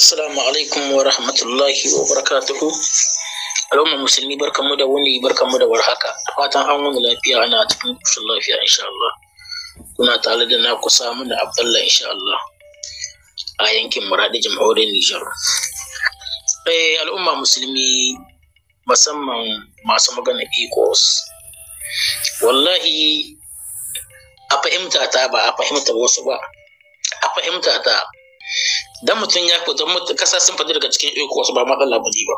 Assalamu alaikum wa rahmatullahi wa barakatuhu. Al'umma musulmi barkanmu da wuni barkanmu da warhaka. Fatan an wani lafiya ana cikin kushin lafiya insha Allah. Kuna tare da na kusa mana Abdullah insha Allah. A yankin Muradi jamhuriyar Nijar. Eh al'umma musulmi musamman masu magana ikos. Wallahi a fahimta ta ba a fahimta wasu ba. A fahimta ta dan mutum ya ko dan kasa sun fadi daga cikin ECOWAS ba matsala ba ne ba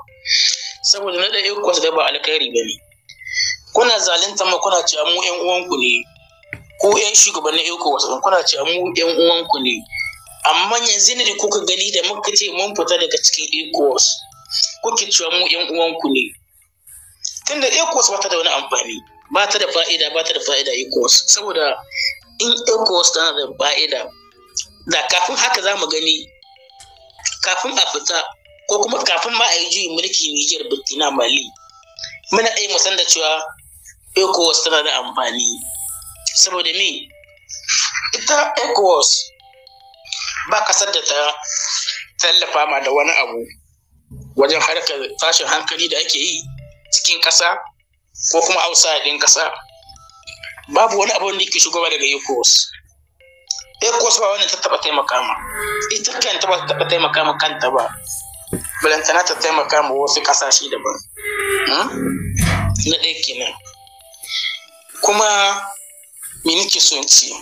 saboda na da ECOWAS da ba alkhairi ba ne kuna zalunta ma kuna cewa mu yan uwanku ne ko yan shugabannin ECOWAS kuna cewa mu yan uwanku ne amma yanzu ne da kuka gani da muka ce mun fita daga cikin ECOWAS kuke cewa mu yan uwanku ne tunda ECOWAS ba ta da wani amfani ba ta da fa'ida ba ta da fa'ida ECOWAS saboda in ECOWAS tana da fa'ida da kafin haka za mu gani kafin a fita ko kuma kafin ma a yi juyin mulki Nijar Burkina Mali muna ɗaya mu san da cewa ECOWAS tana da amfani saboda me ita ECOWAS ba kasar da ta tallafa ma da wani abu wajen harkar tashin hankali da ake yi cikin ƙasa ko kuma outside ɗin ƙasa babu wani abu da ke shigowa daga ECOWAS ecos ba wani ta taba taimaka ma ita kan ta taba taimaka ma kanta ba balantana ta taimaka ma wasu kasashe daban hmm? na ɗaya kenan kuma me nake so in ce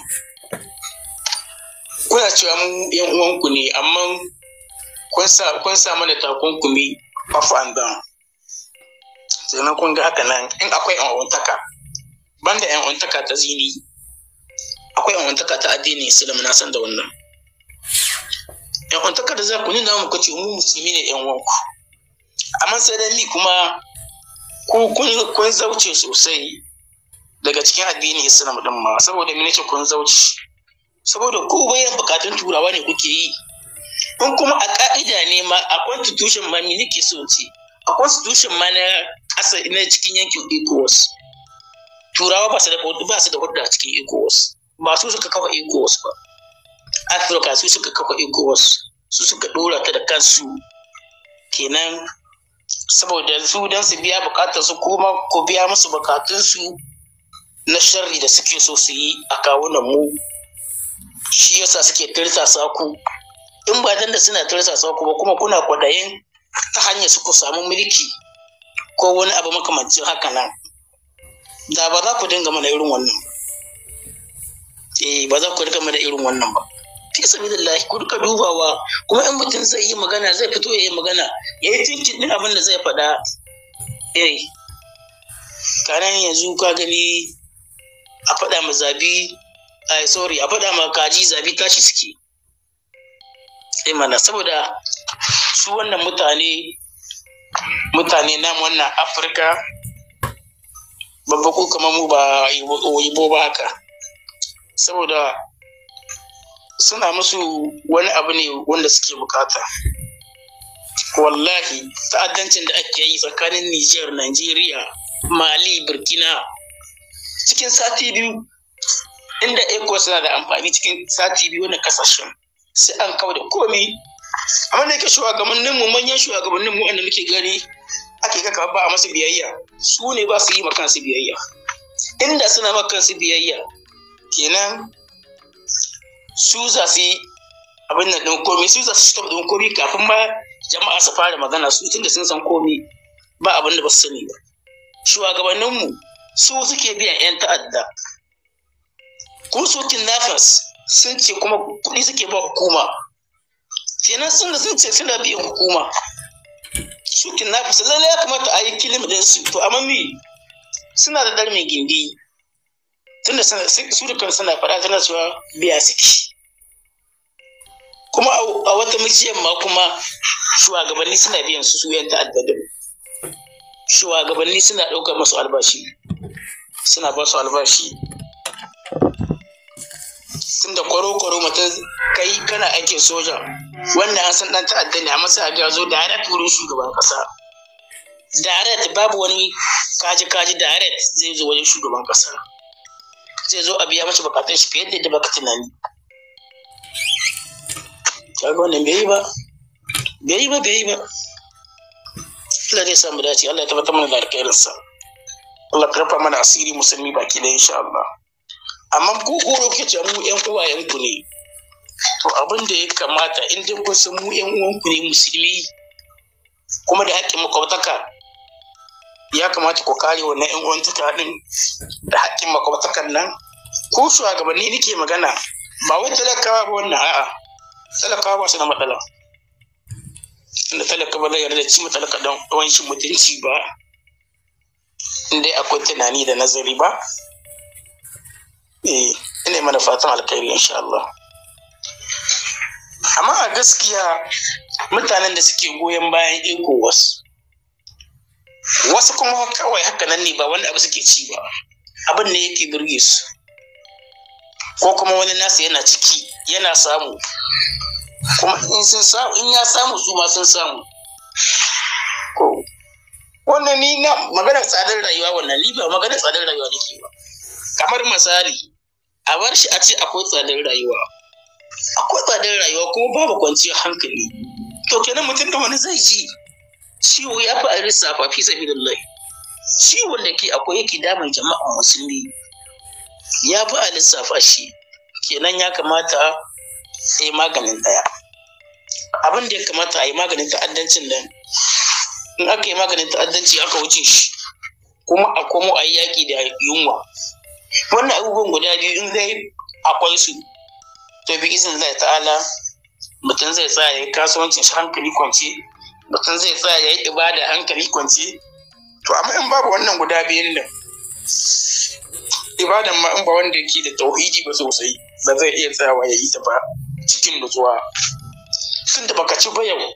kuna cewa mu yan uwanku ne amma kun sa mana takunkumi off and down sannan kun ga haka nan in akwai yan uwantaka banda yan uwantaka ta zini akwai amintaka ta addini islam na san da wannan yan da za ku nuna muku ce mu musulmi ne yan wanku amma sai dai ni kuma kun zauce sosai daga cikin addini islam din ma saboda mene ce kun zauce saboda ko bayan bukatun turawa ne kuke yi kun kuma a ka'ida ne ma a constitution ma mene ke so ce a constitution ma na ƙasa na cikin yankin ecowas turawa ba su da hudu a cikin ecowas ba su suka kafa ecowas ba afirka su suka kafa ecowas su suka dora ta da kansu kenan saboda su don su biya bukatar su kuma ko biya musu bukatunsu na sharri da suke so su yi a kawunan mu shi yasa suke tirsasa saku in ba da suna tirsasa saku ba kuma kuna kwadayin ta hanyar su ku samu mulki ko wani abu makamancin haka nan da ba za ku dinga mana irin wannan eh ba za ku rika mana irin wannan ba fi lahi ku rika dubawa kuma in mutum zai yi magana zai fito ya yi magana ya yi tinkin din abin da zai faɗa eh kanan yanzu ka gani a faɗa ma zabi ai eh, sorry a faɗa ma kaji zabi tashi suke sai eh, mana saboda su wannan mutane mutane na wannan afirka babba ko kamar mu ba bo ba haka saboda suna musu wani abu ne wanda suke bukata wallahi ta'addancin da ake yi tsakanin Nijar, Najeriya, Mali, Burkina cikin sati biyu inda Eko suna da amfani cikin sati biyu na kasashen sai an kawo da komi amma da yake shugabannin mu manyan shugabannin mu wanda muke gani ake kaka ba a masu biyayya su ne ba su yi ma kansu biyayya inda suna ma kansu biyayya kenan su za su yi abin da ɗin komi su za su taɓa ɗin komi kafin ma jama'a su fara magana su tun da sun san komi ba abin da ba su sani ba shugabanninmu su suke biyan 'yan ta'adda kuma sokin nafas sun ce kuma kuɗi suke ba hukuma kenan sun sun ce suna biyan hukuma sokin nafas lalai ya kamata a yi kilim ɗinsu to amma mi suna da darmin gindi tunda su da kan suna faɗa tana cewa biya suke kuma a wata mijiyan ma kuma shugabanni suna biyan su suyan yan ta'addadin shugabanni suna ɗaukar masu albashi suna ba su albashi tunda kwaro-kwaro mata kai kana aikin soja wannan an san ɗan ta'adda ne a masa a ga zo harin wurin shugaban ƙasa direct babu wani kaji-kaji direct zai zo wajen shugaban ƙasa zai zo a biya masa bukatun shi fiye da yadda baka tunani kaga wannan bai yi ba bai yi ba bai yi ba Allah zai samu dace Allah ya tabbatar mana da alkhairinsa Allah ya karfa mana asiri musulmi baki da insha Allah amma ku goro ke ce mu yan uwayen ku ne to abin da ya kamata in dai kun san mu yan uwan ku ne musulmi kuma da haƙƙin makwabtaka ya kamata ku kare wannan yan uwantaka din da hakkin makwabtakan nan ko shugabanni nike magana ba wai talakawa ba wannan a'a talakawa ba su da matsala inda talaka ba zai yarda ci talaka dan wancin mutunci ba indai akwai tunani da nazari ba eh ina mana fatan alkhairi insha Allah amma a gaskiya mutanen da suke goyon bayan ECOWAS wasu kuma kawai haka nan ne ba wani abu suke ci ba abin ne yake burge su ko kuma wani nasa yana ciki yana samu kuma in sun samu in ya samu su ma sun samu ko wannan ni na maganar tsadar rayuwa wannan ni ba maganar tsadar rayuwa nake ba kamar misali a bar shi a ce akwai tsadar rayuwa akwai tsadar rayuwa kuma babu kwanciyar hankali to kenan mutum da wani zai ji ciwo ya fi a lissafa fi sabilillah ciwon da ke akwai yake damun jama'an musulmi ya fi a lissafa shi kenan ya kamata a yi maganin ɗaya abin da ya kamata a yi maganin ta'addancin nan in aka yi maganin ta'addanci aka wuce shi kuma a komo a yi yaƙi da yunwa wannan abubuwan guda biyu in dai akwai su to bi izin zai ta'ala mutum zai tsaya kasuwancin shi hankali kwance mutum zai tsaya ya yi ibada hankali kwanci to amma in babu wannan guda biyun nan ibadan ma in ba wanda yake da tauhidi ba sosai ba zai iya tsayawa ya yi ta ba cikin nutsuwa tun da baka ci ba yau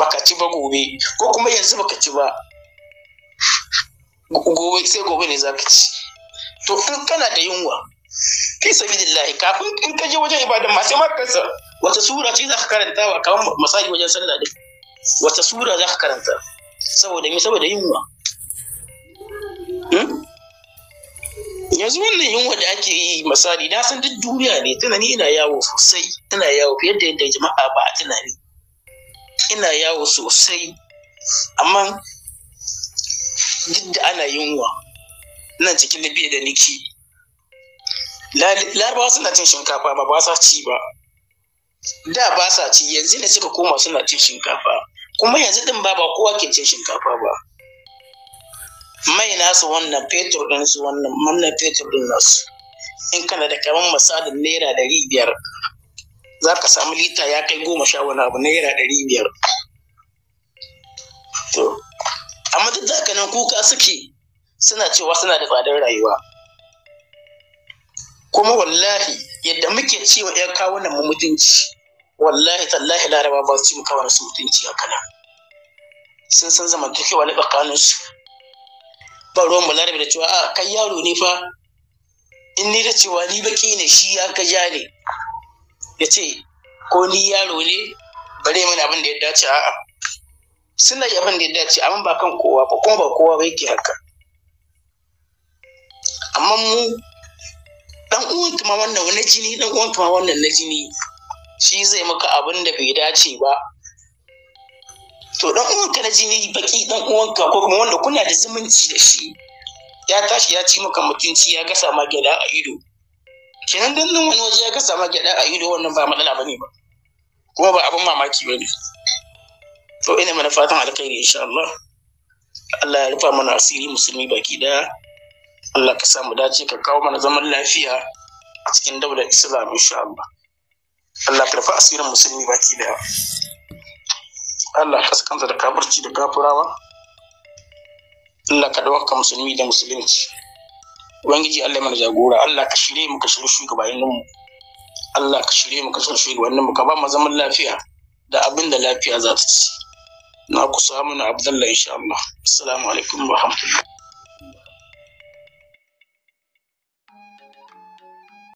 baka ci ba gobe ko kuma yanzu baka ci ba gobe sai gobe ne za ka ci to in kana da yunwa fi sabilillahi kafin in ka je wajen ibadan ma sai ma kansa wata sura ce za ka karanta wa kamar misali wajen sallah din wata sura za ka karanta saboda me saboda yunwa hmm? yanzu wannan yunwa da ake yi misali na san duk duniya ne tunani ina yawo sosai ina yawo fiye da yadda jama'a ba a tunani ina yawo sosai amma duk da ana yunwa nan cikin libya da niki larabawa suna cin shinkafa ba ba sa ci ba da ba sa ci yanzu ne suka koma suna cin shinkafa kuma yanzu din ba ba kowa ke cin shinkafa ba mai nasu wannan fetur din su wannan manna fetur din nasu in kana da kaman misalin naira ɗari biyar za ka samu lita ya kai goma sha wani abu naira ɗari biyar to amma duk zaka nan kuka suke suna cewa suna da tsadar rayuwa kuma wallahi yadda muke cewa 'yan kawunan mu mutunci wallahi tallahi laraba ba su ci muka wani mutunci a kana sun san zamantakewa na tsakaninsu ba ruwan mu larabe da cewa a ah, kai yaro ne fa in ni da cewa ni baki ne shi ya ka ja ne ya ce ko ni yaro ne bare mana abin da ya dace a'a suna yi abin da ya dace amma ba kan kowa ba kuma ba kowa ba yake haka amma mu dan uwan ma wannan na jini dan uwan ma wannan na jini shi zai maka abin da bai dace ba to dan uwanka na jini baki dan uwanka ko kuma wanda kuna da zumunci da shi ya tashi ya ci maka mutunci ya gasa ma gyada a ido kenan dan nan wani waje ya gasa ma gyada a ido wannan ba matsala bane ba kuma ba abin mamaki bane to ina mana fatan alkhairi insha Allah Allah ya rufa mana asiri musulmi baki daya Allah ka samu dace ka kawo mana zaman lafiya a cikin daular Islam insha Allah Allah ta rufa asirin musulmi baki daya Allah ka sakanta da kafirci da kafirawa Allah ka dawaka musulmi da musulunci Ubangiji Allah mana jagora Allah ka shirye mu ka shirye shugabannin mu Allah ka shirye mu ka shirye shugabannin mu ka ba mu zaman lafiya da abin da lafiya za ta ci na ku samu na Abdullahi insha Allah assalamu alaikum wa rahmatullahi